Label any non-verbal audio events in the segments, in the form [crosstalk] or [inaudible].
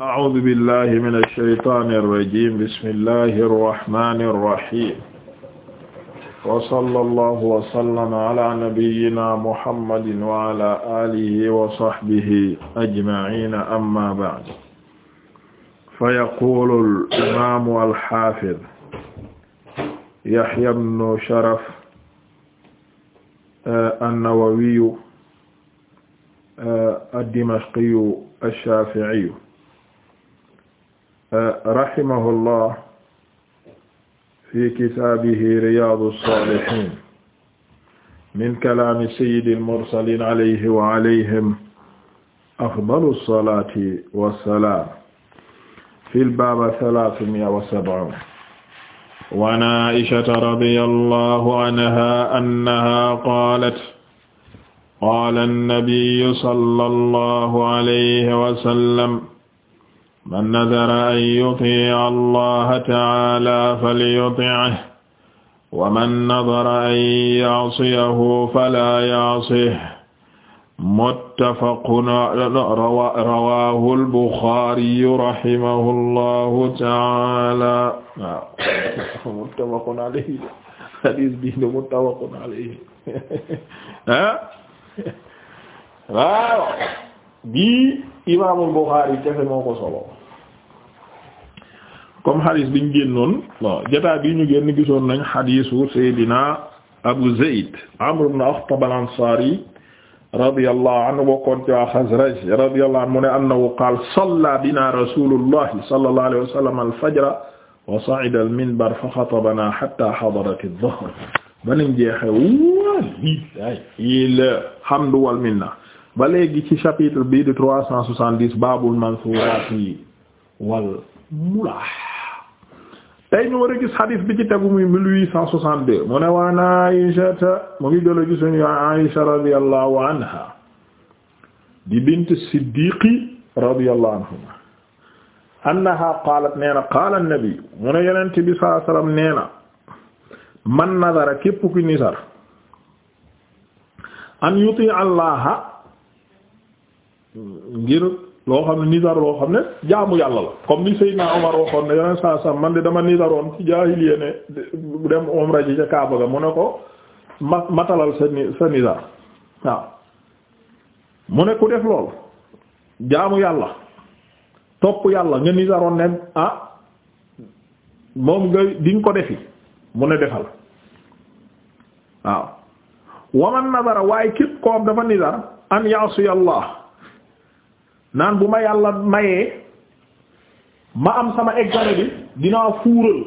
أعوذ بالله من الشيطان الرجيم بسم الله الرحمن الرحيم وصلى الله وسلم على نبينا محمد وعلى آله وصحبه أجمعين أما بعد فيقول الإمام الحافظ يحيى بن شرف النووي الدمشقي الشافعي rahimahullah fi kitaabihi riyaadu saalihiin min kalaami sayyidil mursaliin alayhi wa alayhim afdalu salaati wa salaam fil baab salaasumi'a wa sab'uun wa an Aa'ishata radiyallaahu anhaa annahaa qaalat qaala annabiyyu sallallaahu alayhi wa sallam man nadara an yutia allaha taala falyuti'hu wa man nadara an ya'siyahu fala ya'sih muttafaqun rawahu al-Bukhari rahimahu llahu taala waaw muttafaqun alayhi hadith bi muttafaqun alayhi waaw bi imaamul Bukhari kese moo ko solo comme xadis biñ génnoon bon jotaay bi ñu génn gisoon nañ xadisu Seydina Abu Zayd Amr ibn Akhtab al-Ansari radiyallahu anhu bokkoon ci waa Xasraj radiyallahu anhu mu ne annahu qaala salla bina rasulullah sallallahu alayhi wa sallam al-fajra wa sa'ida al-minbar fa xatabana hatta hadarat ad-dhuhr banañ jeexee walillahi alhamdu wal minna ba léegi ci chapitre bii de 370 baabul mansuuraati wal mulah tey ñu war a gis xadiis bi ci tegu muy 1862 mu ne waan Aïshata mu ngi jëla gis ñu Aïsha radiyallahu anha di bint Siddiqi radiyallahu anhuma annaha qaalat nee na qaala an-nabi mu ne yonent bi sallallahu alayhi wasallam nee na man nadara képp ku nisar an yuti allaha ngir loo xam ne nizar loo xam ne jaamu yàlla la comme ni Seydina Omar waxoon ne yeneen saa sam man de dama nizaroon ci jaahiliya ne dem umra ji ca Kaaba ga mu ne ko ma matalal sa ni sa waaw mu ne ku def lool jaamu yàlla topp yàlla nga nizaroon ne ah moom nga di ko defi mu ne defal waaw na nazara waaye képp koom dafa nizar an yaasuy Allah naan bu ma yàlla mayee ma am sama examen bi dinaa fuural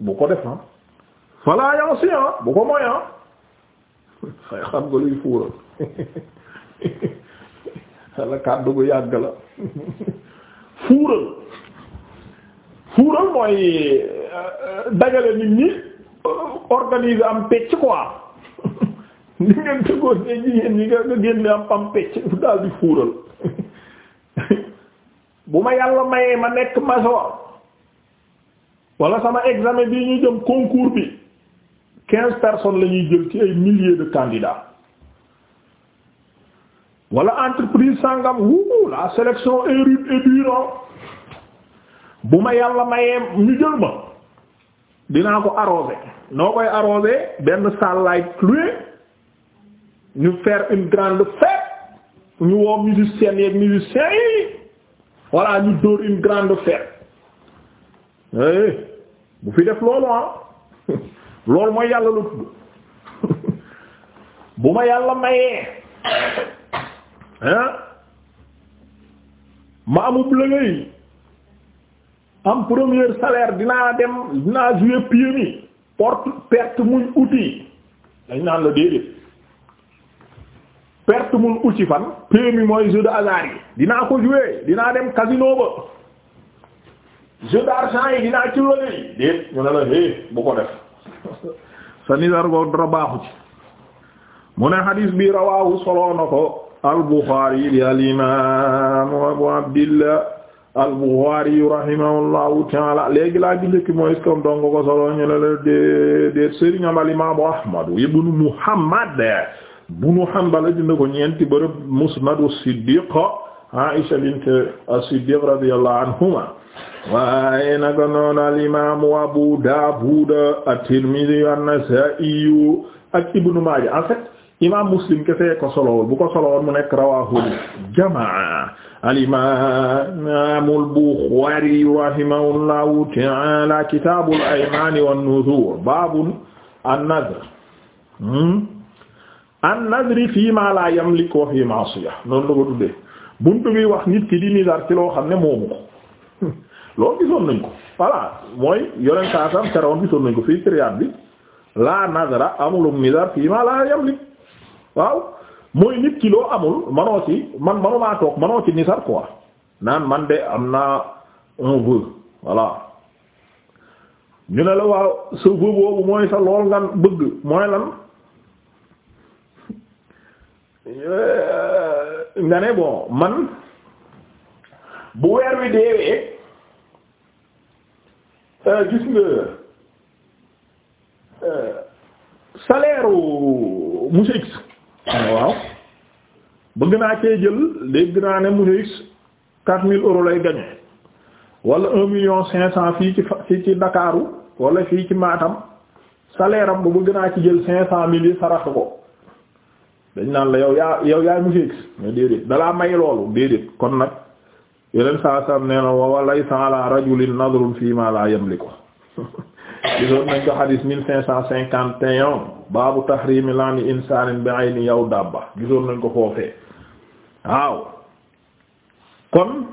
bu ko def ah voilà yow si ah bu ko mooy ah xam nga luy fuural xala kàddu gu yàgg la fuural fuural mooy euh, euh, dagale nit ñi euh, organiser am pecc quoi. ni ngeen tëggoon nga génne am am pecc daal di fuural bu ma yàlla mayee ma nekk major wala sama examen bii ñu jëm concours bi quinze personnes la jël ci ay milliers de candidats wala entreprise sangam wuu la sélection est et dure bu ma yàlla mayee ñu jël ma dinaa ko arrosé noo koy arrosé benn salle laay cloué ñu faire une grande fête ñu woo musiciennes yeeg musiciens yi voilà ñu dóor une grande fête eh, bu fi def loolu ah [laughs] loolu mooy yàlla lu [laughs] bu ma yàlla mayee ah ma amub liggéey am premier salaire dinaa dem dinaa jouer pieds mi porte perte muy outil dañ naan la déedéet. perte mun uci fan péemi mooy jeu de hasard dinaa ko jouer dinaa dem casino ba jeu d'argent yi dinaa ñu ne la é bu ko def [laughs] sa nisar ko dara baaxu mu ne xadiis bi rawaahu soloo na al-Bukhari di al Abu Abdillah al-Bukhari rahimahullahu ta'ala léegi laa ji njëkki mooy comme donc ko solo ñu ne la déet déet sëriñam al-imam Ahmad ibn Muhammad bunu Hanbal dina ko ñeenti bërëb musnadu Siddiq Aisha bint as-Siddiq radiyallahu anhuma waaye naka noonu al-imaamu Abu Daawud at-Tirmidhi an-Nasaa'i ak Ibnu Maaja en fait imaam Muslim kese ko solowul bu ko solowoon mu nekk rawaahul jamaa al-imaamul Buxaari rahimahullahu ta'aala kitaabul aymaani wan-nuzuur baabun an-nadr hmm? an nadri fii ma la yamlik wa fii ma'siya noonu la ko tuddee buntu bi wax nit ki di nizar ci loo xam ne moomu ko [laughs] loolu gisoon nañ ko voilà mooy yoneen saasam teroon gisoon nañ ko fii période bi la nadra amulum nizar fii ma la yamlik waaw mooy nit ki amul manoo ci man manumaa toog manoo ci ko quoi naan man de am naa un vœu voilà ñu ne la waaw sa vœu boobu mooy sa lool nga bëgg mooy lan Euh, nga ne bon man bu weer wi deewee euh, gis nga euh, salaire u X waaw bëgg naa cee jël dégg naa ne monsieur X quatre mille euros lay gagné wala un million cinq cent fii ci fii ci Ndakaaru wala fii ci Matam salaire am bu bëgg naa ci jël cinq cent mille yi sarax ko dañ naan la yow yaa yow yaay monsieur X dalaa may loolu déedéet kon nag yeneen saa sam nee na wa laysa ala rajulin nadrun fi ma la yamliku [laughs] gisoon nañ ko xadis cinquante et un baabu tahrimi lani insanin bi ayni yow dabba gisoon nañ ko foofee waaw kon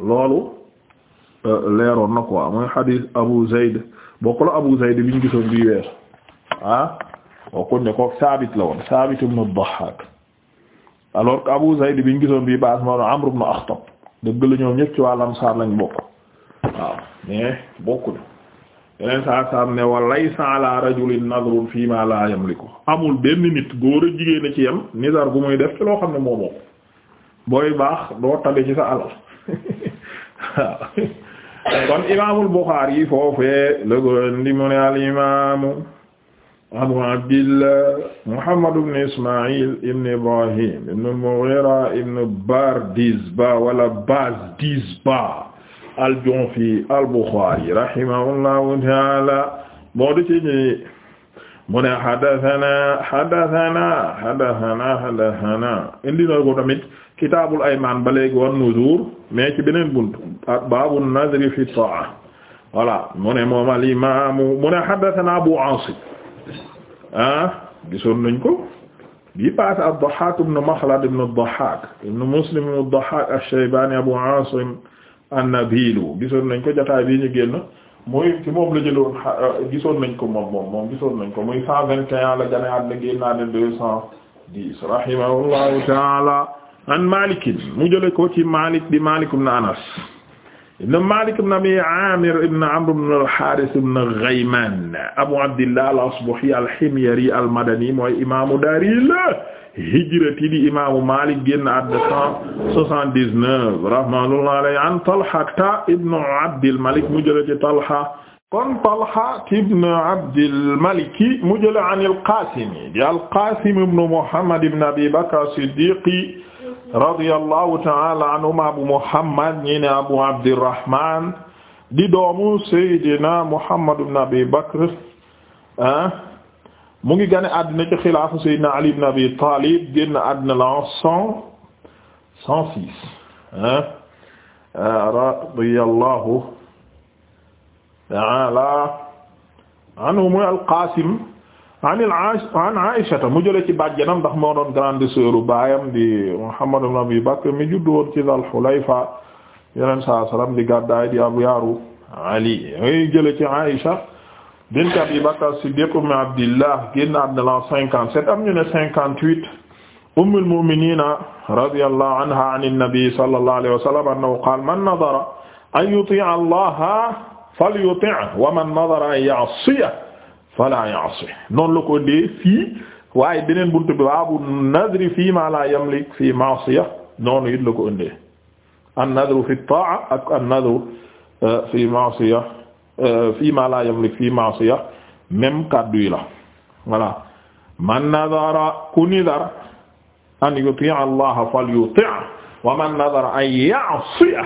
loolu euh, leeroon na quoi mooy xadis Abu Zayd bokk la Abu Zayd biñ gisoon bii weer ah waxuñ ne kooku Saabit la woon Saabit ibn ad-Dahhaak alors que Abu Zayd biñ gisoon bii baax ma woon Amr ibn Akhtab dëgg la ñoom ñëpp ci waa Ansaar lañ bokk waaw mais bokkuñu yeneen saa saam ne wa laysa ala rajulin nadrun fii ma la yamliku amul benn nit góor a jigéen a ci yem nizar gu muy def ci loo xam ne moo bokk booy baax doo tabe ci sa [laughs] waaw kon imaamul Buxaari yi foofee lëgoon di ne al abu abdillah muhammad ibn ismail ibn ibrahim ibn al-mughira ibn bardizba wala bazdizba al-ju'fi al-bukhari rahimahullahu ta'ala moo di ci ñi mu ne hadathana hadathana hadathana hadathana indi na ko tamit kitaabul aymaan ba léegi war nuzur mais ci beneen buntu baabu nadri fi ta'a voilà mu ne moom al-imam mu ne hadathana abu asim ah gisoon nañ ko bi paase ad-Dahhaak ibn Makhlad ibn ad-Dahhaak ibn Muslim ibn ad-Dahhaak ash-Shaybaani Abu Aasim an-Nabilu gisoon nañ ko jotaay bii ñu génn muy ci moom la jëloon ah, gisoon nañ ko moom moom moom gisoon nañ ko muy cent vingt et un la gane àddina génn na deux cent dix rahimahullahu ta'ala an Maalik mu jële ko ci Maalik di Maalik ibn Anas ibn Malik ibn Abi Amir ibn Amr ibn al-Harith ibn Ghayman Abu Abdillah al-Asbahi al-Himyari al-Madani mooy imaamu daaril hijrati di imaamu Malik génn àdduna cent soixante-dix-neuf rahmatullahi alayhi an Talha ibn Abdil Malik mu jële ci Talha kon Talha ibn Abdil Malik mu jële an al-Qasim di al-Qasim ibn Muhammad ibn Abi Bakr as-Siddiqi radiyallahu ta'ala anhuma abu muhammad ñi ne abu abdirrahman di doomu saydina muhammad ibn abi bakr ah mu ngi gane àddina ci xilaafu saydina ali ibn abi talib génn àddina la cent cent six ah radiyallahu ta'ala anhu muy alqasim anil an Aïshata mu jëlee ci bàjjanam ndax moo doon grande sœur baayam di Muhammad ibn Abi Bakr mi juddu woon ci Dal Xulayfa yeneen saa salaam di gàddaay di abu yaaru Ali muy jëlee ci Aïcha bint Abi Bakr Siddiq ummi Abdillah génn àddina la cinquante sept am ñu ne cinquante huit ummul mu'minina radiyallahu anha an nabi sallallahu alayhi wa sallam annahu qaala man nadara an yuti'a Allaha falyuti'hu wa man nadara an ya'siyahu fala ya'si noonu la ko dee fii waaye beneen buntu bi baabu nadri fii ma la yamlik fii ma'siya noonu it la ko ëndee an nadru fi ta'a ak an nadru euh, fii ma'siya euh, fii ma la yamlik fii ma'siya même kàddu yi la voilà man nadara ku nidar an yuti' Allah falyuti' wa man nadara an ya'siya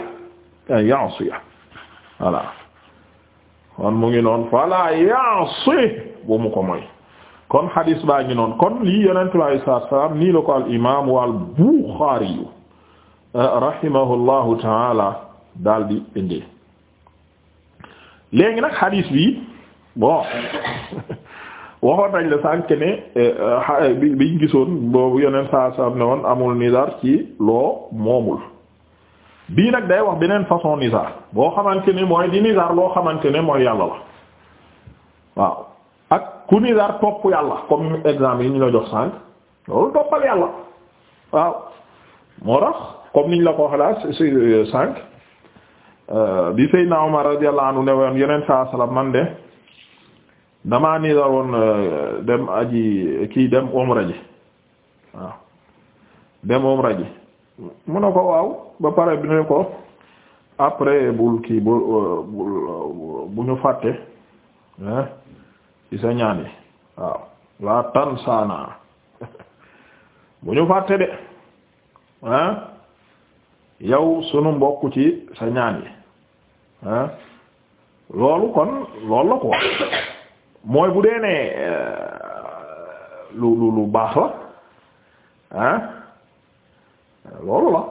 an ya'siya voilà kon mu ngi noonu fala ya'si bu mu ko mooy kon xadis baa ngi noonu kon lii yonente bi alayhi salaatu nii la ko al imaamu al Buxaari eh, rahimahullahu taala daal di indee léegi nag xadis bi bon [laughs] waxoon nañ la sànk ne eh, eh, bi biñ gisoon boobu yonent saa salaam ne woon amul nizar ci loo moomul bii nag day wax beneen façon nizar boo xamante ne mooy di nizar loo xamante ne mooy yàlla la waaw ku ni dar topp yàlla comme exemple yi ñu la jox sànq loolu toppal yàlla waaw moo tax comme niñ la ko waxee si euh, sànq euh, bi Seydina Omar radiyallahu anhu ne woon yeneen saa salaam man de damaa ni euh, dem aji kii dem umra ji waaw dem umra ji mu ne ko waaw ba pare bi ne ko après bul kii bu bu ñu fàtte ci sa ñaan yi waaw la tansaana [laughs] bu ñu fàtte de ah yow sunu mbokk ci sa ñaan yi ah loolu kon lool la ko mooy bu dee ne euh, lu lu lu baax la ah loolu la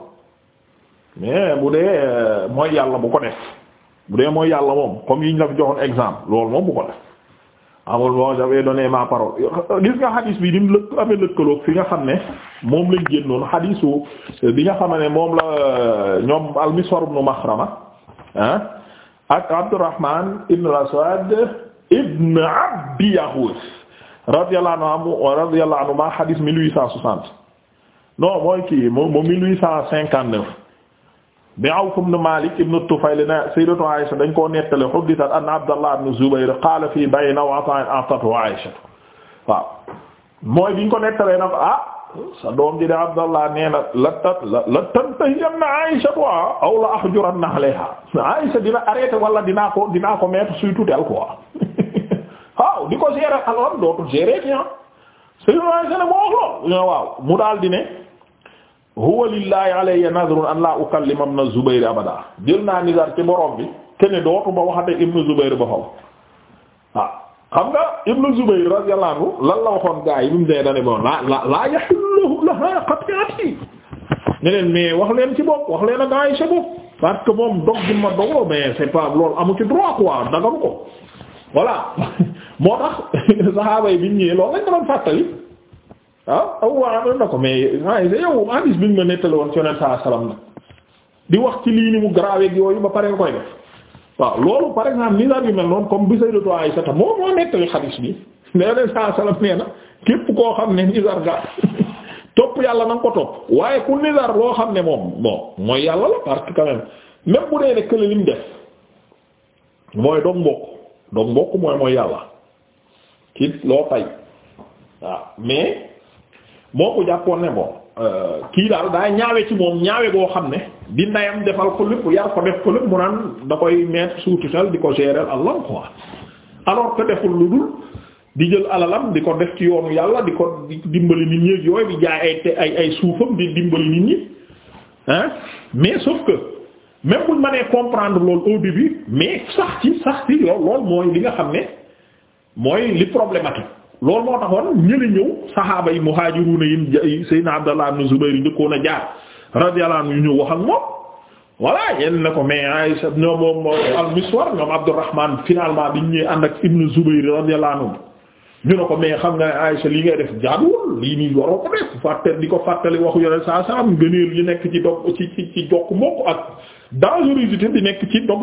mais bu dee euh, mooy yàlla bu ko def bu dee mooy yàlla moom comme yi ñu la fi joxoon exemple loolu moom bu ko def amul bon j'avais donné ma parole gis nga xadis bi ni lëkk amee lëkkaloog fi nga xam ne moom lañ génnoon xadisu bi nga xam ne moom la ñoom al-Miswar ibn Maxrama ah ak Abdurrahman ibn al-Aswad ibn Abi Yahus radiyallahu anhu wa radiyallahu anhu ma xadis 1860 non mooy kii bi Awf ibn Malik ibn Tufayl ne sayyidatu Aisha dañ koo nettale huddithat an Abdallah ibn Zubayr qala fii bayna wa ata'in a'tathu mooy biñ ko nettalee na ah sa doom ji de Abdallah nee na la la tantahiyanna Aisha quoi aw la ahjuranna alayha Aisha dina wala dinaa ko dinaa ko mettre sous tutelle quoi [laughs] waaw di ko gérer alors dootul gérer ki ah sayyidatu Aisha ne mu daal di huwa lillahi alayya nadrun an la ukallima ibn Zubayr abada jël naa nizar ci borom bi kenn dootuma waxate ibn Zubayr ba faw waaw ah, xam nga ibn Zubayr radiyallahu anhu lan la waxoon gaa yi mu dee dane bon la la laa yahillu laha mais wax leen ci bopp wax leen a gaa yi sa bopp parce que moom dog bi ma mais c'est pas loolu amu ci droit quoi dagaru ko voilà [laughs] moo tax [laughs] saxaaba yi bi ñu ñëwee loolu lañ doon fàttali ah awwaa na ko mais ag yow hadis bi ñu ma nettali woon ci yonent saa salaam nag di wax ci lii ni mu garaweeg yooyu ba pare nga koy def waaw loolu par exemple misar yu mel noonu comme bi Sayyidatu Aisha ta moo moo nettali hadis bi na koo xam ne nisar ga [laughs] topp yàlla na ko topp waaye ku nisar loo xam ne moom bon mooy yàlla la parce que quand même même bu dee ne kële def mooy dog mbokk dog mbokk mooy mooy yàlla ki loo tay waaw mais moo ko jàppoon ne bon euh, kii daal daa ñaawe ci moom ñaawe goo xam ne di ndayam defal ko lépp yar ko def ko lépp naan da koy mettre sous tutelle di ko gérer ko quoi alors que deful lu dul di jël alalam di ko def ci yoonu yàlla di ko dimbali nit ñi yooyu di jaay ay ay ay suufam di dimbali nit ñi hein mais sauf que même buñ mënee comprendre loolu au début mais sax ci sax ci loolu mooy li nga xam ne mooy li problématique. loolu moo taxoon ñële ñëw saxaaba yi muhaajiruuna yi Seydina Abdallah ibn Zubayr njëkkoon a jaar radiyallahu anhu ñu wax ak moom voilà yéen ne ko mais Aysa ñoom moom al-Miswar ñoom Abdurrahman finalement biñ ñëwee ànd ak Ibn Zubayr radiyallahu ñu ne ko mais xam nga Aysa li ngay def jaaduwul lii nii waroo ko def fàtte di ko fàttali waxu yore saa saa am gëneel yu nekk ci dog ci ci ci jokk mbokk ak nekk ci dog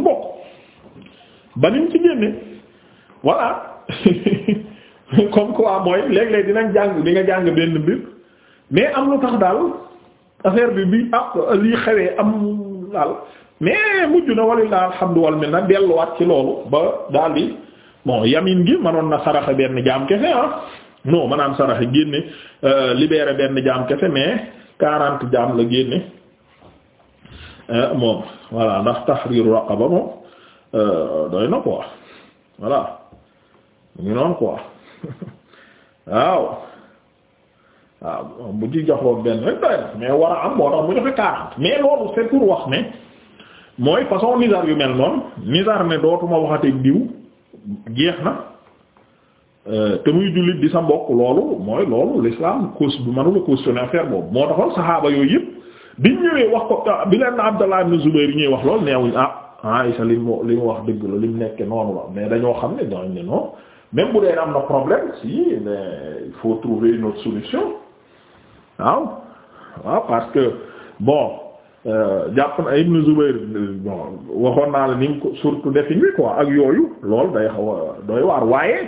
ba ni mu ci génne voilà. [laughs] [laughs] comme quoi mooy léeg-léeg dinañ jàng di nga jàng benn mbir mais am lu tax daal affaire bi bi ah lii xewee am daal mais mujj na walla alhamdu wal minna delluwaat ci loolu ba daal di bon yamin gi manoon na saraxa benn jaam kese ah non maanaam génne euh, libéré benn jaam kese mais quarante jaam la génne euh, moom voilà ndax tahriru raqaba moom euh, doy na quoi voilà ñu noonu quoi [laughs] waaw waaw bu ci joxoon benn rek mais war a am moo tax mu joxe quarante mais loolu c'est pour wax ne mooy façon nizar yu mel noonu nizar ne dootuma waxati diw jeex na euh, te muy jullit di sa mbokk loolu mooy loolu l'islam cause bu mënula cautionner affaire boobu moo taxoon saxaaba yooyu yëpp biñ ñëwee wax ko ah, bi leen na Abdallah ibn Zubayr ñuy wax loolu neewuñ ah Aisha li mu li mu wax dëgg la li mu nekk noonu la mais dañoo xam ne dañ ne non même bu dee am na problème si mais il faut trouver une autre solution waaw waaw parce que bon euh, jàpp na Ibn Zubayr bon waxoon naa la ni ko surtout défini quoi ak yooyu loolu day xaw a doy waar waaye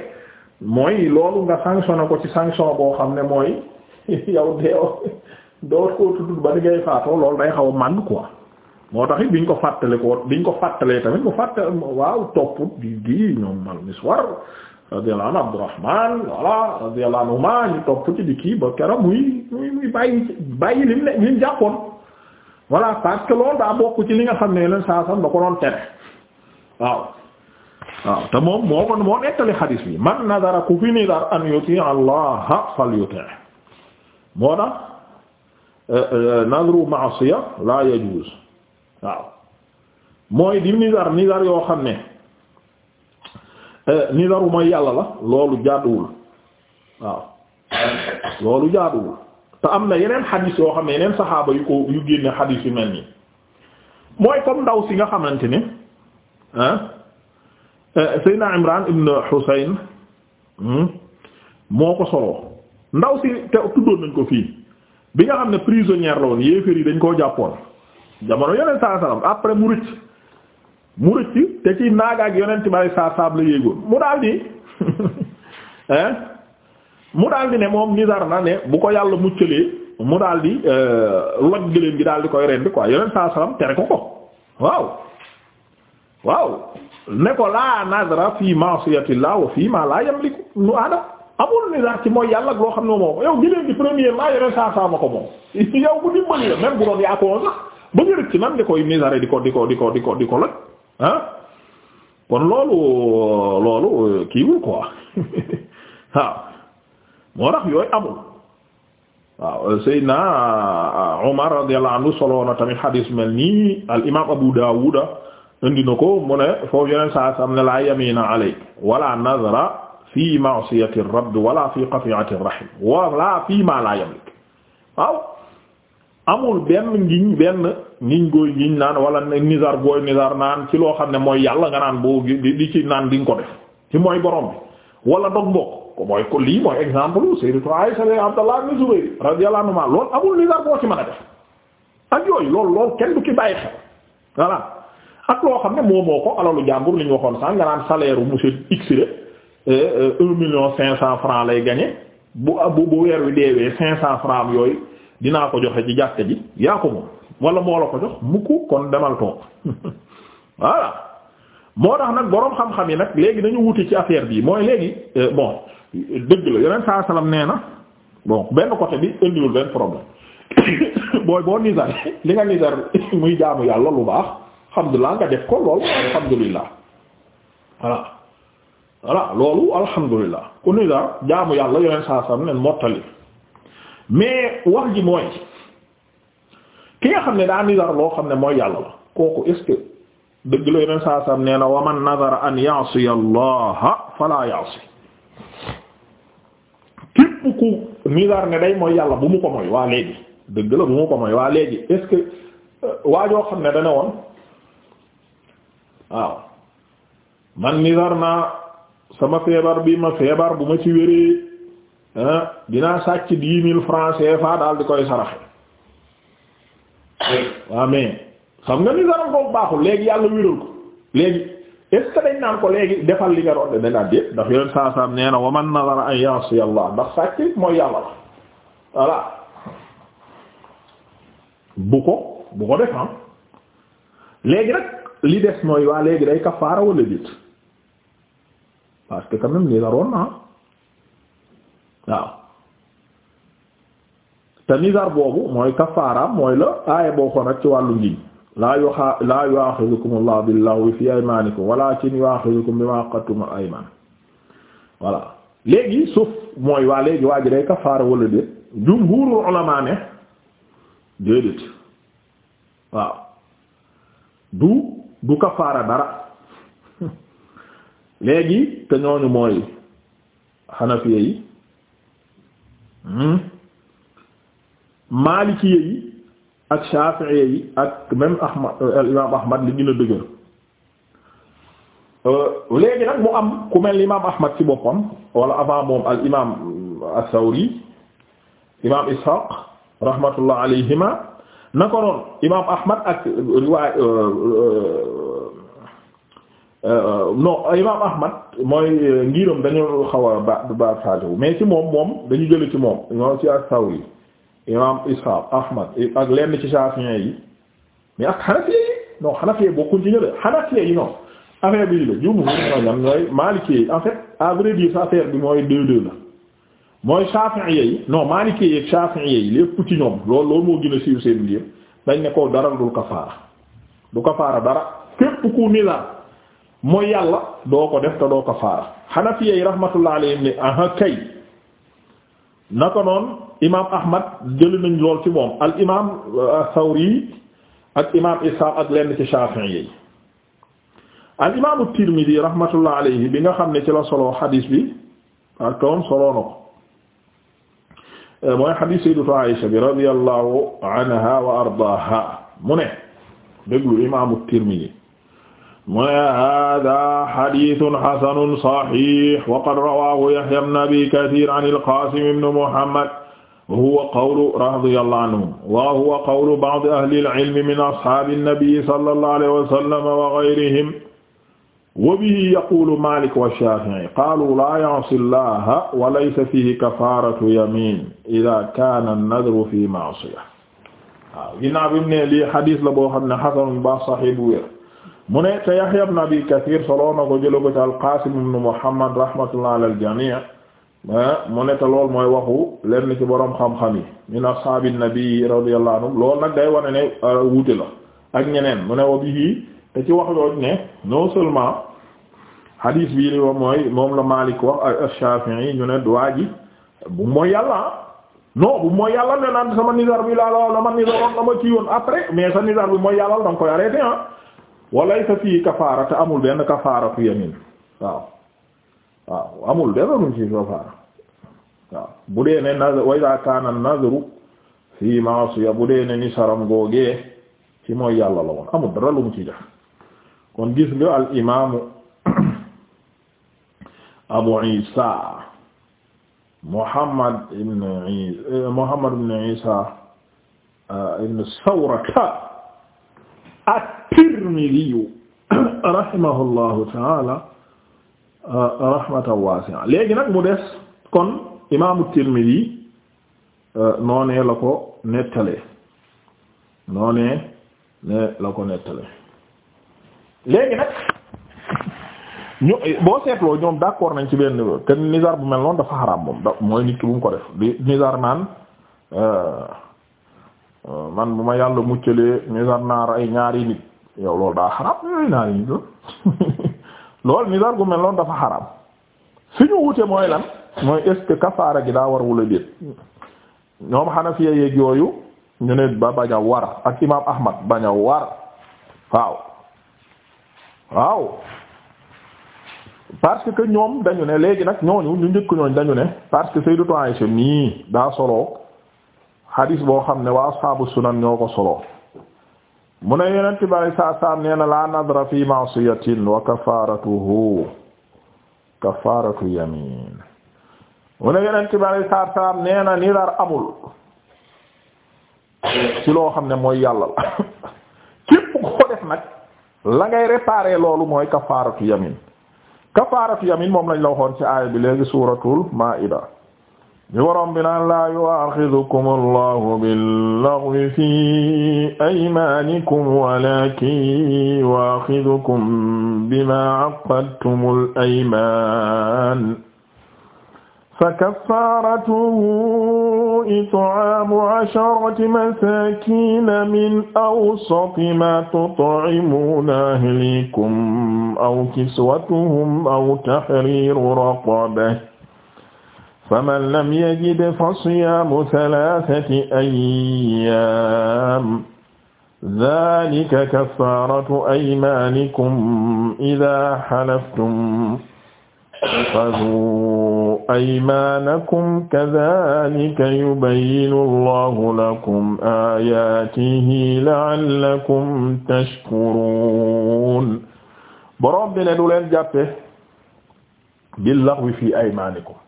mooy loolu nga sanctionné ko ci sanction boo xam ne mooy [laughs] yow deew doo ko tudd ba ni ngay faatoo loolu day xaw a màgg quoi moo tax it biñ ko fàttale ko biñ ko fàttalee tamit mu fàttale waaw topp di di ñoom mal radiyallahu anhu Abdurrahman voilà ci di ba keroog muy muy muy bàyyi lim ne lim jàppoon voilà parce que loolu daa ci li nga xam ne leen saa sam da ko doon tere waaw waaw moom moo nettali xadiis bi man nadara ku fi nidar an yuti allah fal yuti moo tax euh, euh, nadru ma'siya la yajuz waaw mooy di nidar nidar yoo xam ne Eh, nizaru mooy yàlla la loolu jaaduwul waaw loolu jaaduwul te am na yeneen xadiis yoo xam ne yeneen saxaaba yu ko yu génne xadiis yu mel nii mooy comme ndaw si nga xamante ne ah Seydina Imran ibn Husayn hmm, moo ko soloo ndaw si te tuddoon nañ ko fii bi nga xam ne prisonnière la woon yéeféer yi dañ koo jàppoon jamono yeneen saa salaam après mu rëcc mu rëcc te ci naaga ak yonent bi ay saab la yéegoon mu daal di [laughs] hein mu daal ne moom nizar na ne bu ko yàlla muccalee mu daal di euh, loj gëléem gi daal di koy rendi quoi yonent saa salaam tere ko ko waaw waaw ne ko laa nazara fii ma'siyatillah wa fii ma laa yamliku nu aadam amul nizar ci mooy yàlla ak loo xam ne moom yow gëléem gi premièrement yonent saa salaam ko moom [laughs] yow bu dimbali la même bu doon yaa ko woon ba nga rëcc nan di koy nizare di ko di ah kon loolu loolu kiiwul quoi [laughs] waaw moo tax yooyu amul waaw Seydina Umar euh, radiyallahu anhu solo na tamit xadiis mel nii al imaam Abu Dawud indi na ko mu ne foofu yeneen saa sam ne laa yamina aleyk wala nadra fi ma'siyati rabbi wala fi qati'ati rahim wala fi ma la yamlik waaw amul benn ngiñ benn ngiñ gooy ngiñ naan wala nizar gooy nizar naan ci loo xam ne mooy yàlla nga naan boo di ci naan di nga ko def ci mooy borom bi wala dog mbokk ko mooy ko lii mooy exemple sayyidatu Aisha Abdallah ibn Zubayr radiyallahu anhu loolu amul nizar boo ci mën a def ak yooyu loolu loolu kenn du ci bàyyi xel voilà ak loo xam ne moo moo ko alalu jàmbur li ñu waxoon sànq nga naan salaire u monsieur X de eh, eh, un million cinq cent francs lay gagné bu bu weer wi deewee cinq cent francs yooyu dinaa ko joxe ci jàkka ji yaa ko moom wala moo la ko jox mukk kon demal toog [laughs] voilà moo tax nag boroom xam-xam yi nag léegi dañu wuti ci affaire bii mooy léegi euh, bon dëgg la yeneen saa salaam nee na bon benn côté bi indiwul benn problème [coughs] booy boo nizar [coughs] li nga nizar [coughs] muy jaamu yàlla lu baax alhamdulilah nga def ko loolu alhamdulilah voilà voilà loolu alhamdulilah ku nizar jaamu yàlla yeneen saa salaam leen mottali. mais wax ji mooy ki xam ne daa nizar loo xam ne mooy yàlla la kooku est-ce dëgg la yeneen saa sam nee na wa man nazara an ya'siya allaha fala ya'si yàlla bu mu ko mooy waa léegi dëgg la bu mu ko mooy waa léegi est euh, waajoo xam ne dane woon waaw man nizar sama feebar bi ma feebar bu ma ci wéree dinaa sàcc dix mille francs CFA daal di koy saraxe waaw mais xam nga ni sarax baaxul léegi yàlla wéral ko léegi est dañ naan ko léegi defal li nga doon de dañ naan déet ndax saa saam nee na man nazara an ya'si Allah ndax sàcc mooy yàlla la voilà bu ko bu ko defam ah. léegi nag li des mooy waa léegi day kafaara wala déet parce que quand naa waaw te nizar boobu mooy kafaaraam mooy la aaya boo xoon rek ci wàllu ngiñ laa yuxa laa yuaxidukum allah billahwi fi aymanikum walakin yuaxidukum bima aqadtum al ayman voilà léegi suuf mooy waa léegi waa ji day kafaara wala déet jumhurul ulama ne déedéet waaw du du kafaara dara [laughs] léegi te ñooñu mooy xanafiye yi Hmm? maalikiyé yi ak shafi'iyé yi ak même ahmad euh, imaam ahmad li gën a dëgër euh, léegi nag mu am ku mel imaam ahmad ci boppam wala avant moom al imaam as-sawri imaam ishaq rahmatullah alayhima na ko noon imaam ahmad ak riwaay euh, Euh, non imam ahmad mooy euh, ngiram dañu xaw a ba ba phase wu mais ci moom moom dañu jële ci moom ñoo ci as-Sawri imam ishaq ahmad ak lenn ci Shafi'i yi mais ak Hanafi yi non Hanafi yi bokkuñ ci ñële Hanafi yi non affaire bi la jumhur ñoo ñam ñooy Maliki yi en fait à vrai dire bi mooy deux deux la mooy Shafi'i yi non Maliki yi ak Shafi'i yi lépp ci ñoom loolu loolu moo gën a siiw seen ngir dañ ne ko dara dul kafaara du kafaara dara képp ku ni la mooy yàlla doo ko def te doo ko faara xanafiya yi rahmatullah alayhim ni aha kay ahmad jëli nañ lool ci moom al imaam ak imaam Isaaq ak lenn ci Shaafi'i yi al imaamu Tirmidi rahmatullah alayhi bi nga xam ne ci la solo xadiis bi ak toom solo na ko eh, mooy xadiis Sayyidatu Aisha bi radiyallahu anha wa ardaaha mu ne déglu imaamu Tirmidi mu ne hada xaditun xasanun saxix waqad rawahu yahya ibn abi kathir an alqasim ibn muhammad wahuwa qawlu radiyallahu anhu wa huwa qawlu ba'd ahli al-ilmi min ashabi an-nabi sallallahu alayhi wa sallam wa ghayrihim wa bihi yaqulu Malik wa Shafi'i qaalu laa ya'si Allaha wa laysa fihi kafaaratu yamiin idaa kaana an-nadru fi ma'siya waaw ginnaaw bi mu ne lii xadiis la boo xam ne xasan bu baax saxiix bu wér mu ne te Yahya ibn Abi Kathir soloo na ko jëla ko ci al-Qasim ibn Muhammad rahmatullah ala al-jami' ah, mu ne te lool mooy waxu lenn ci boroom xam-xam yi min ashaabi nabi radiyallahu anhu loolu nag day wane ne ah, wuute la ak ñeneen mu ne wa bihi te ci wax yooñ ne non seulement hadis bii ni wa mooy moom la Malik wax ak Shafi'i ñu ne duwaa ji bu mooy yàlla non bu mooy yàlla ne naan sama nizar bi laa la man nizaroon dama ci yoon nizar bi mooy yàlla danga koy arrêté ah. walaysa fii kafaara te amul benn kafaaratu yamin waaw waaw amul benn luñ ci kafaara waaw bu dee ne nazar wa iza kaana nazaru fii ma'siya bu dee ne ni saram googee ci mooy yàlla la woon amul dara lu mu ci def kon gis nga al imaamu abu isa muhammad ibn isa muhammad ibn isa ah, ibn sawrata at-Tirmidhi rahimahullahu ta'ala euh, rahmatan léegi nag mu des kon imaamu at euh, noonee la ko nettalee noonee ne la ko nettalee léegi nag ñu boo seetloo ñoom d'accord nañ ci benn te nizar bu mel noonu dafa xaraam moom mooy nit ki bu mu ko def di nizar naan euh, Euh, man bu ma yàlla muccalee nizar naar ay ñaari nit yow loolu daa xaram yooyu ñaari nit loolu [laughs] nizar gu mel noonu dafa xaram fi ñu wute mooy lan mooy est kafaara gi daa war wula déet ñoom Hanafiya yeeg yooyu ñu ne ba bañ a war ak imaam Ahmad bañ a war waaw waaw parce que ñoom dañu ne léegi nag ñooñu ñu njëkk ñooñ dañu ne parce que Sayyidatu Aisha nii daa solo xadis boo xam ne waa ashaabu sunan ñoo ko solo mu ne yonent bi alay saa salaam nee na la nadra fi ma'siyatin wa kafaratuhu kafaratu yamin mu ne yonent bi alay saa salaam nee na amul ci loo xam ne mooy yàlla la képp ko def nag la ngay réparer loolu mooy kafaratu yamin kafaratu yamin moom lañ la waxoon ci aaya bi léegi suuratul maa'ida ñu waroon bi naan laa yu'aaxidukum allahu billaghwi fi aymaanikum walakin yu'aaxidukum bimaa 'aqadtumul aymaan fa kaffaaratuhu it'aamu 'asharati masaakiina min awsati maa tut'imuuna ahlikum aw kiswatuhum aw tahriiru raqabatin faman lam yajid fa siyaamu thalathati ayyaam dhalika kaffaratu aymanikum idha halaftum fazu aymanakum kadhalika yubayyinu Allahu lakum ayatihi la'allakum tashkurun borom bi ne du leen jàppe bil laghwi fi aymanikum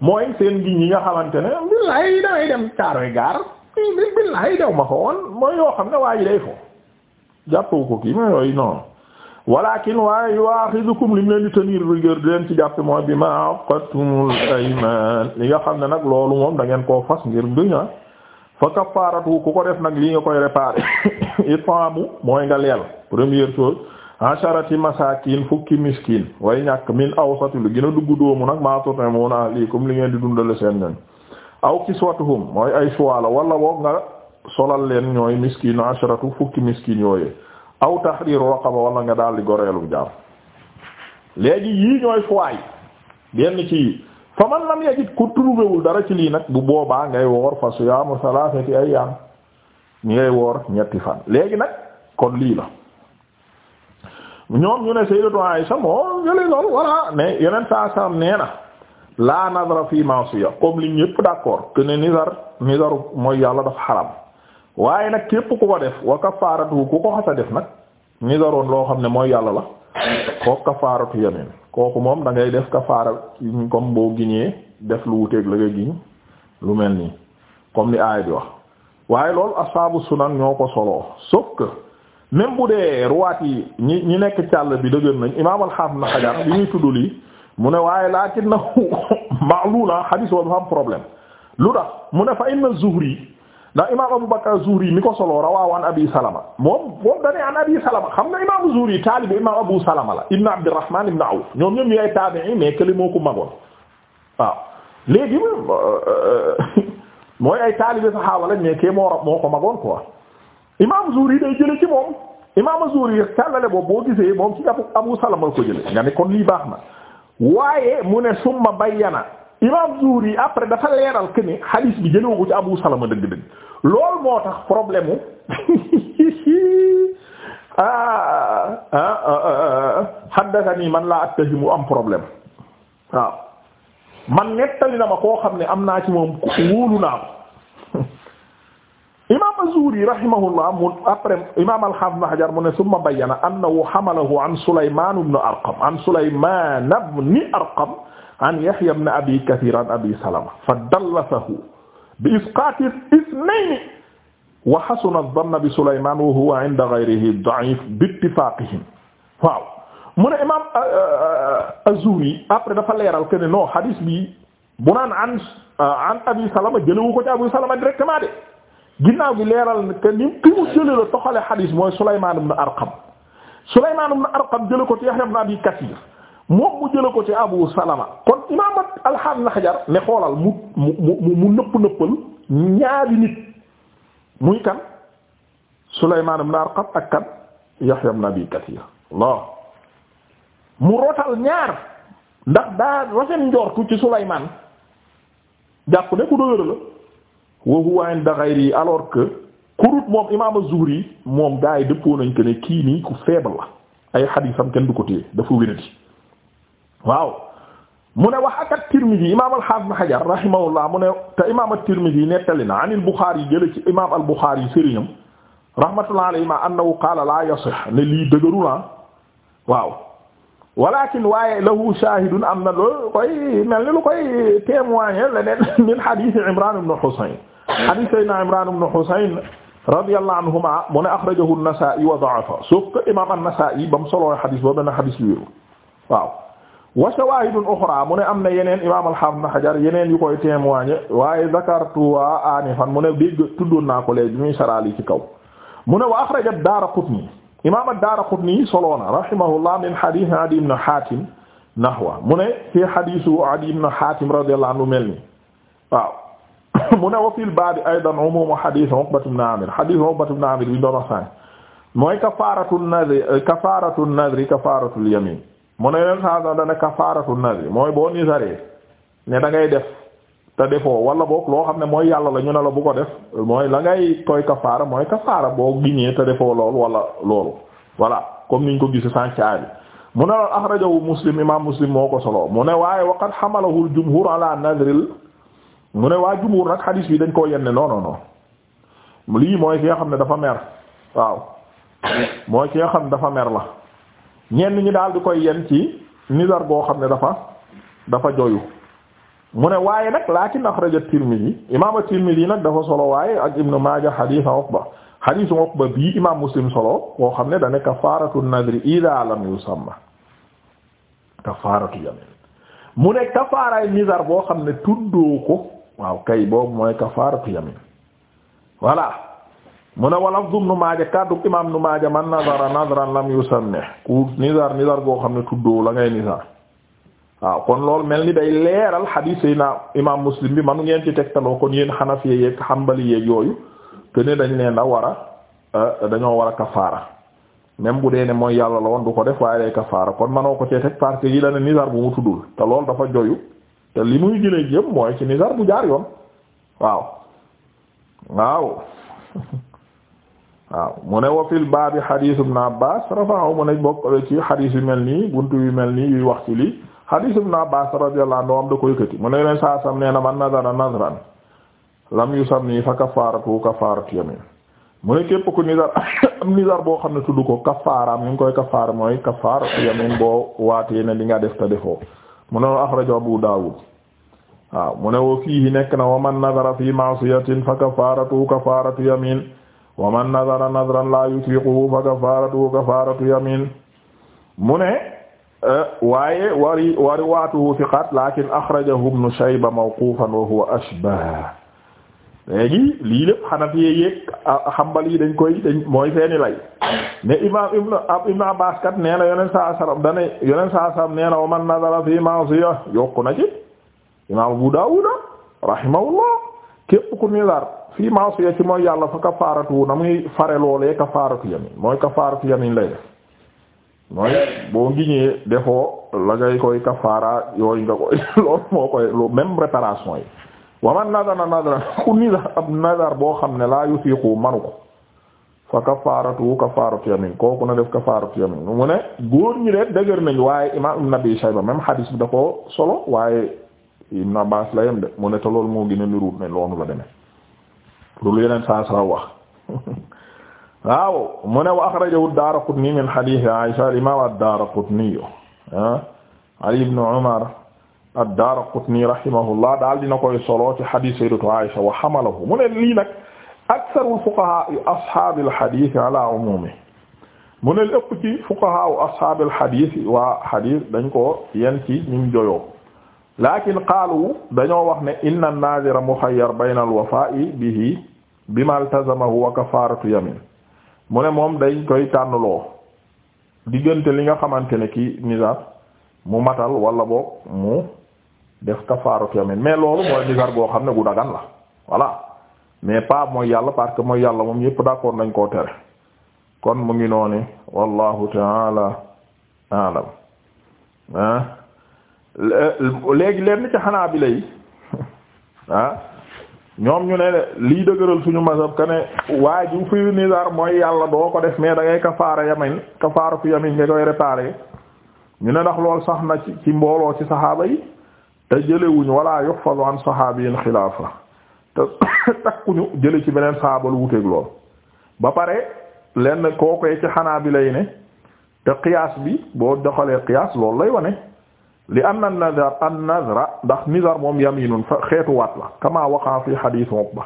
mooy seen gi ñi nga xamante ne billaay damay dem caaroy gaar billaay daw ma ko woon mooy yoo xam ne waa ji day fo jàppawu ko kii mais yooyu non walakin waaye yu'akhidhukum lim leen di tenir rigueur ci jàppe mooy bi ma aqatumul ayman li nga xam ne nag loolu moom dangeen koo fas ngir duña fa kafaratu ku ko def nag lii nga koy réparer [coughs] itaamu mooy nga leel première chose asharati masakin fukki miskin way ñàkk min awsati lu gën dugg doomu nag maa tut'imuna ahlikum li ngeen di dundale seen ñoñ aw kiswatuhum mooy ay suwaala wala boog nga solal leen ñooy miskin asharatu fukki miskin yooyee aw tahrir raqaba wala nga daal di goreelu jaam léegi yii ñooy fuwaay benn ci fa man lam yajid ku trouvéwul dara ci lii nag bu boobaa ngay woor fa siyaamu salaasati ayyaam ngay woor ñetti fan léegi nag kon ñoom ñu ne sayyidatu Aisha moo jëlee loolu voilà mais yeneen saa saam nee na la nazara fi ma'siya comme li ñëpp d'accord que ne nizar nizaru mooy yàlla dafa xaram waaye nag képp ku ko def wa kafaaratu ku ko xasa def nag nizaroon loo xam ne mooy yàlla la kooku kafaaratu yamin kooku moom da ngay def kafaara comme boo giñee def lu wuteeg la nga giñ lu mel nii comme ni aay bi wax waaye loolu ashabu sunan ñoo ko soloo même bu dee ruwaat yi ñi ñi nekk càll bi dëgër nañ imaam al-Hafiz na Hajar bi ñuy tudd lii mu ne waaye lakinnahu [laughs] ma'lula ah, xadiis boobu am problème lu tax mu ne fa inna Zuhri ndax imaam Abu Bakr Zuhri mi ko soloo rawaahu an Abi Salama moom moom danee an Abi Salama xam nga imaam Zuhri taalibe imaam Abu Salama la ibn Abdurrahman ibn Awf ñoom ñoom ñooy taabi'i mais kële moo ko magoon waaw léegi euh, euh, [laughs] mooy ay taalibe saxaaba lañ mais kee moo moo ko magoon quoi imaam Zuhri day jële ci moom imaam Zuhri sàllale boobu boo gisee moom ci abu abu ko jële nga ne kon lii baax na waaye mu ne summa bayyana imaam Zuhri après dafa leeral que ni hadith bi jëlewu ko ci abu Salama dëgg-dëgg loolu moo tax problème mu [laughs] ah, ah, ah, ah ah haddathani man laa attahimu am problème waaw man nettali na ma koo xam ne am naa ci moom wóolu naa ko. imaam az-Zuhri rahimahullah mu après imaam al-Hafiz Ibn Hajar mu ne summa bayyana annahu hamalahu an Sulaymaan ibn Arqam an Sulaymaan ibn Arqam an Yahya ibn Abi Kathir an Abi Salama fadallasahu bi isqaati ithnayni wa hasuna adh-dhann bi Sulaymaan wa huwa 'inda ghayrihi da'if bi ittifaqihim waaw mu ne imaam euh, euh, az-Zuhri après dafa leeral que ne non hadis bi bu naan an euh, an Abi Salama jëlewu ko ci Abu Salama directement de. ginnaaw gi leeral que ni ki mu jëlee la toxalee xadiis mooy Sulaymaan ibn Arqam Sulaymaan ibn Arqam jëlee ko ci Yahya ibn Abi Kasiir moom mu jëlee ko ci Abu Salama kon imaam al-Haafiz Ibn ne xoolal mu mu mu mu nëpp nëppal ñaari nit muy kan Sulaymaan ibn Arqam ak kan Yahya ibn Abi Kasiir Allah mu rotal ñaar ndax daa rafet njortu ci Sulaymaan jàpp ne ku dëgër wa huwa inda ghayri alors que kurut moom imaam az-Zuhri moom gaa yi dëppoo nañ ko kii nii ku faible ay xadiisam kenn du ko téye dafa wéradi waaw mu ne wax ak at-Tirmidhi imaam al-Hafiz Hajar rahimahullah mu ne te imaam at-Tirmidhi nettali na an al-Bukhari yi jële ci imaam al-Bukhari yi sëriñam rahmatullah alayhi ma annahu qaala la yasih ne lii dëgëru ah. waaw walakin waaye lahu shahidun am na loolu koy mel ni lu koy témoigner leneen [laughs] min hadith Imran ibn Husayn hadith sayna Imran ibn Husayn radiyallahu anhuma mu ne akhrajahu an-Nasa'i wa da'afa sauf que imam an-Nasa'i bam soloo hadith ba benn hadith lu wéru waaw wa shawahidun ukhra mu ne am na yeneen imam al-Hafiz Ibn Hajar yeneen yu koy témoigner waaye zakartu anifan mu ne dégg tuddoon naa ko léegi muy sarali ci kaw mu ne wa akhraja ad-Daraqutni imaam ad-Daaraqutni soloona rahimahullah min hadith Adi ibn Hatim nahwa mu ne fi hadisu Adi ibn Hatim radiyallahu anhu mel ni waaw [coughs] mu ne wa fil baabi aydan umumu hadith Uqbat ibn Amir hadith Uqbat ibn Amir bi doon wax sànq mooy kafaaratu nadri kafaaratu nadri kafaaratu yamin mu ne leen saa dana kafaaratu nadri mooy boo nisaree ne da ngay def. te defoo wala boog loo xam ne mooy yàlla la ñu ne la bu ko def mooy la ngay tooy kafaara mooy kafaara boo giñee te defoo loolu wala loolu voilà comme niñ ko gis sànq aay bi mu ne loolu axrajahu muslim imam muslim moo ko solo mu ne waaye waqad xamalahul jumhur ala nadril mu ne waa jumhur nag xadiis bi dañ koo yenne non non non lii mooy ki nga xam ne dafa mer waaw [coughs] mooy ki nga xam ne dafa mer la ñenn ñi daal di koy yenn ci nizar goo xam ne dafa dafa joyu mu ne waaye nag laakin axraja Tirmidhi imaam Tirmidhi nag dafa solo waaye ak Ibn Maaja a Uqba xadiisu Uqba bii imaam Muslim solo koo xam ne da ne kafaaratu nadri idaa lam yusamma kafaaratu yamin mu ne kafaaray nizar boo xam ne tuddoo ko waaw kay boobu mooy kafaaratu yamin voilà mu ne walaf dum nu maaja kàddu imaam nu maaja man nazara nazran lam yusammi ku nizar nizar boo xam ne tuddoo la ngay nizar waaw kon loolu mel ni day leeral xadiis yi naa imaam muslim bi manu ngeen ci tegtaloo kon yéen xanafi yeeg xambali yeeg yooyu te ne dañ leen a war a euh, dañoo war a kafaara même bu dee ne mooy yàlla la woon du ko def waaye day kafaara kon manoo ko cee teg parce que yi la ne nisar bu mu tuddul te loolu dafa joyu te li muy gën jëm mooy ci nisar bu jaar yoon waaw waaw [laughs] waaw mu ne wa baa bi xadiis ibn Abbaas rafaaw mu ne bokk ci xadiis yu mel nii buntu yu mel nii yuy wax ci lii hadith ibn Abbas radiyallahu anhu am da ko yëkkati mu ne leen saa man nadara nadran lam yusammi fa kafaaratu kafaaratu yamin mu ne képp ku nizar [coughs] am boo xam ne tudd ko kafaaraam ni koy kafaar mooy kafaaratu yamin boo waatee ne li nga def ta defoo mu ne axrajo Abu Dawud waaw mu ne wa fiihi nekk na wa man nadara fi ma'siyatin fa kafaaratu kafaaratu yamin wa man nadara nadran la yutiquhu fa kafaaratu kafaaratu yamin mu ne Euh, waaye wari wari waatuhu thiqat lakin akhrajahu ibn shayba mawqufan wa huwa ashbah léegi lii lépp Hanafi yeeg Hanbali yi dañ koy dañ mooy seeni lay ne imam ibn ibn Abbas kat nee na yoneen saa salam dana yoneen saa nee na wa man nadara fi ma'siya yokku na ci imam Abu Dawud rahimahullah képp ku nizar fi ma'siya ci mooy yàlla fa kafaaratu na muy fare loolee kafaaratu yamin mooy kafaaratu yamin lay mooy boo ngiñee defoo la ngay koy kafaara yooyu nga koy [laughs] loolu moo koy même réparation yi waman nadana nadara ku nidar ab nadar boo xam ne laa yusiqu manu ko fa kafaaratu kafaaratu yamin kooku na def kafaaratu yamin mu ne góor ñi de dëgër nañ waaye imam ibn abi shayba même hadis bi da ko solo waaye na abbas la yem de mu ne te moo gën a niru ne loonu la demee loolu yeneen saa saa wax [laughs] waaw mu ne wa axrajahu ad-Daaraqutni min hadiisi Aysa al-imaam ad-Daaraqutni Ali ibn Umar ad-Daaraqutni rahimahullah daal dina koy solo ci hadiis Sayyidatu Aysa wa hamalahu mu ne lii nag aksaru fuqahaa ashaabi al-hadiis ala umuumi mu ne ëpp ci fuqahaa ashaabi al-hadiis waa hadiis dañ ko yenn ci ñu joyoo laakin qaalu dañoo wax ne inna an-naazira mukhayyar bayna al-wafaa'i bihi bimaa iltazamahu wa kafaaratu yamiin mu ne moom dañ koy tànnloo diggante li nga xamante ne ki nizar mu matal walla boog mu def kafaaratu yamin mais loolu mooy nizar goo xam ne gu dagan la voilà mais pas mooy yàlla parce que mooy yàlla moom yëpp d'accord nañ koo tere kon mu ngi noonu wallahu taala alam ah léegi leen ci xanaa bi lay [laughs] ah ñoom ñu ne lii dëgëral suñu mazhab ka ne waa ji fi nizar mooy yàlla doo ko def mais da ngay kafaara yamin kafaara fu yamin nga koy réparer ñu ne ndax lool sax na ci mbooloo ci saxaaba yi te jëlewuñu wala yuhfazu an saxaabiyin xilaafa te [coughs] takkuñu jële ci beneen saxaaba lu wuteeg lool ba pare lenn koo koy ci xanaa bi lay ne te qiyaas bi boo doxalee qiyaas loolu lay wane li anna nazar an nazra ndax nizar moom yaminun fa xeetu waat la kama waqa fi hadith Uqba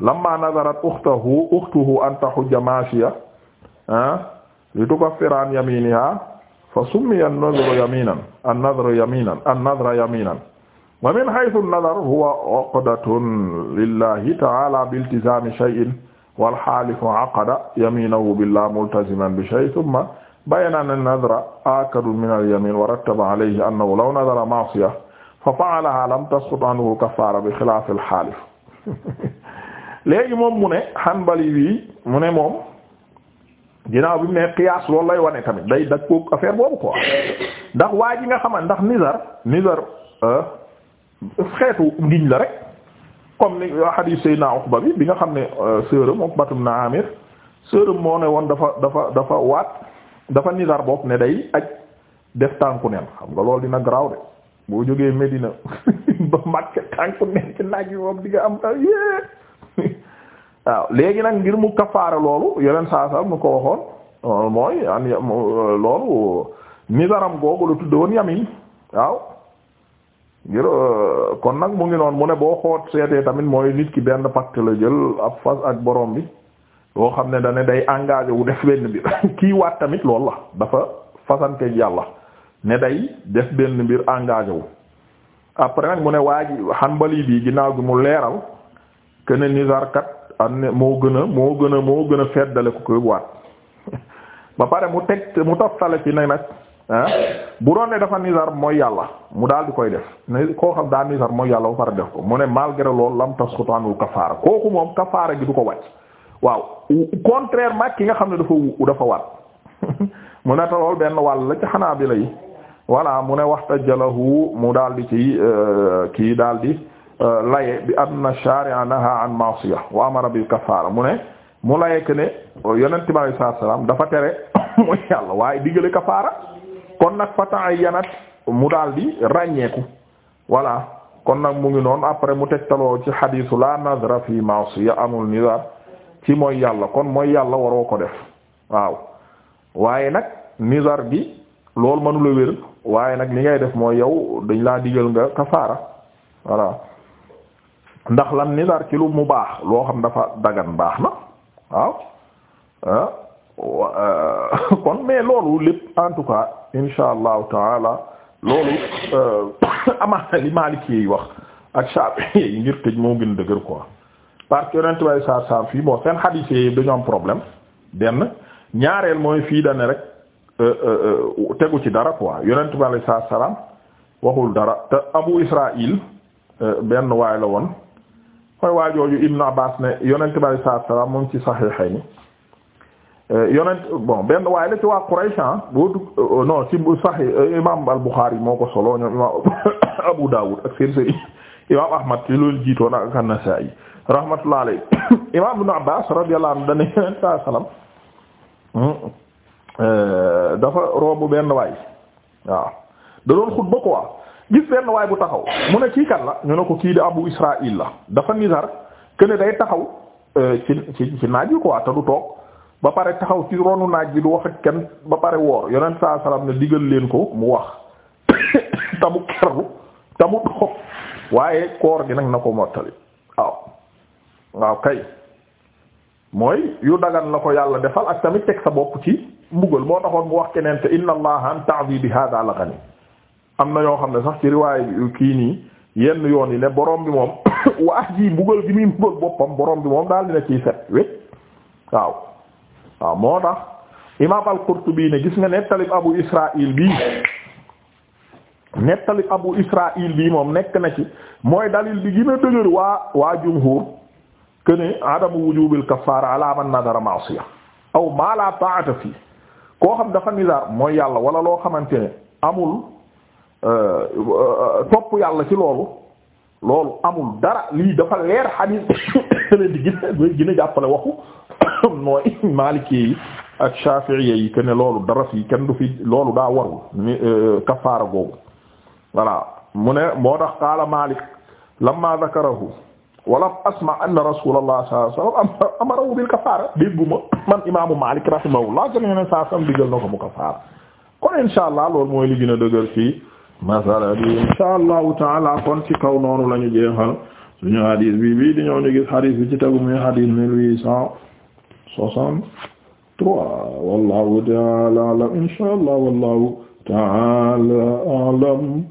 lamma nazarat ukhtuhu ukhtuhu an tahujja mashiya ah, li tukaffira an yaminiha fa summiya an-nazru yaminan an-nazru yaminan an-nazra yaminan wa min haythu an-nazar huwa uqdatun lillahi ta'ala bi-iltizami shay'in wal halifu aqada yaminahu billahi multaziman bi shay'in thumma bayyana anna an-nadra akadu min al-yamin wa rattaba alayhi annahu law nadara ma'siya fa fa'alaha lam tasqut anhu kaffara bi xilaaf al-halif moom mu ne xambali bi mu ne moom ginnaaw bi mu ne qiyaas loolu lay wane tamit day dag ko affaire boobu quoi ndax waa ji nga xaman ndax nizar nizar euh, xeetu ngiñ la rek comme ni hadith Seydina Uqba bi bi nga xam ne euh, sërëm Uqbatum na Amir sërëm moo ne woon dafa dafa dafa waat dafa nidar bopp ne day ak def tànku neen xam nga loolu dina garaaw de boo jógee Medina [laughs] ba Makka tànku neen ci naaj bi moom di nga am a yé [laughs] waaw léegi nag ngir mu kafaara loolu yeneen saa saa mu ko waxoon mooy an loolu nidaram googu la tudde woon yamin waaw ngir euh, kon nag mu ngi noonu mu ne boo xoot seetee tamit mooy nit ki benn pacte la jël ab fas ak borom bi boo xam ne dane day engage wu def benn mbir [laughs] kii waat tamit loolu la dafa fasante yàlla ne day def benn mbir engage wu après nag mu ne waa ji Hanbali bi ginnaaw gi mu leeral que ne kat am ne moo gën a moo gën a moo gën a feddale ko koy waat [laughs] ba pare mu teg mu toftale ci nag nag ah bu doon ne dafa nizar mooy yàlla mu daal di koy def ne koo xam daa nizar mooy yàlla ba pare def ko mu ne malgré loolu lam tas xutanwu kafaara kooku moom kafaara gi du ko wàcc waaw contrairement ki nga xam ne dafa wu dafa waat [laughs] mu ne lool benn wàll la ci xanaa bi la yi mu ne waxtajalahu mu daal di ci euh, kii daal di euh, laye bi anna shari'a naha an ma'siya wa amara bil kafaara mu ne mu laye que ne euh, yonent bi alayhi salaam dafa tere [coughs] mooy yàlla waaye digale kafaara kon nag fa ta'ayyanat mu daal di ràññeeku voilà kon nag mu ngi noonu après mu tegtaloo ci xadiisu la nazra fi ma'siya amul nizar ci mooy yàlla kon mooy yàlla waroo ko def waaw waaye nag nizar gi loolu mënula wér waaye nag li ngay def mooy yow dañ laa digal nga kafaara voilà ndax lan nizar ci lu mu baax loo xam dafa dagan baax na waaw ah euh, [laughs] kon mais loolu lépp en tout cas insha allahu taala loolu euh, [coughs] amaana li Maliki yi wax ak Shafi yi ngir tëj moo gën dëgër quoi parce que yonent way saar saar fii boo seen xadiis yi dañu am problème benn ñaareel mooy fii dane rek euh, euh, euh, tegu ci dara quoi yonent bi alay salaam waxul dara te abu israil benn waay la woon mooy waajooju ibnu abbas ne yonent bi alay saar salaam moom ci saxiixay ni yonent bon benn waaye la ci waa Quraysh ah, boo dugg non ci Sahih imaam al-Bukhari moo ko solo [coughs] Abu Dawud ak seen sëriñ [coughs] imaam Ahmad ci loolu jiitoon ak an rahmatullah alayhi [coughs] imaam ibn Abbaas radiyallahu dana yeneen saa salaam dafa roobu benn waay waaw da doon xutba quoi gis benn waay bu taxaw mu ne kii kan la ñu ne ko kii di Abu Israa'il la dafa nizar këne day taxaw euh, ci ci ci naaj yi te du toog ba pare taxaw ci ronu naaj bi du wax ak kenn ba pare woor yonent saa salaam ne digal leen ko mu wax [coughs] tamu kerlu tamu toog waaye koor gi nag na ko mottali waaw waaw kay mooy yu dagan la ko yàlla defal ak tamit teg sa bopp ci mbugal moo taxoon mu wax keneen te inna allaha an ta'dibi hada la am na yoo xam ne sax ci riwaay kii nii yenn yoon yi ne boroom bi moom [coughs] waa ji mbugal gi muy mbugal boppam borom bi moom daal dina ciy set wécc waaw waaw moo tax imaam al-Qurtubi ne gis nga nettalib abu israil bii nettalib abu israil bii moom nekk na ci mooy dalil bi gën a dëgër waa waa jumhur que ne adamu wujubil kafaara ala man nadara ma'siya aw ma la ta'ata fii koo xam dafa nizaar mooy yàlla wala loo xamante ne amul euh, topp yàlla ci loolu loolu amul dara lii dafa leer xadiis [coughs] di gën a gën a jàppale waxu [coughs] mooy Maliki yi ak Shafi'i yi que ne loolu dara fii kenn du fi loolu daa warul ni euh, kafaara googu voilà mu ne moo tax qaala Maalik lamma zakarahu walam asma anna rasulullah sallallahu alayhi wasallam amarahu bil kafaara dégguma man imaamu Maalik rahimahullah gën a ne saa sam digal kafaara kon insha allah mooy li gën a dëgër ci masala bi insha taala kon ci kaw noonu la jeexal ci tegu muy hadis mille huit cent soixante-trois wallahu taala alam insha allah taala alam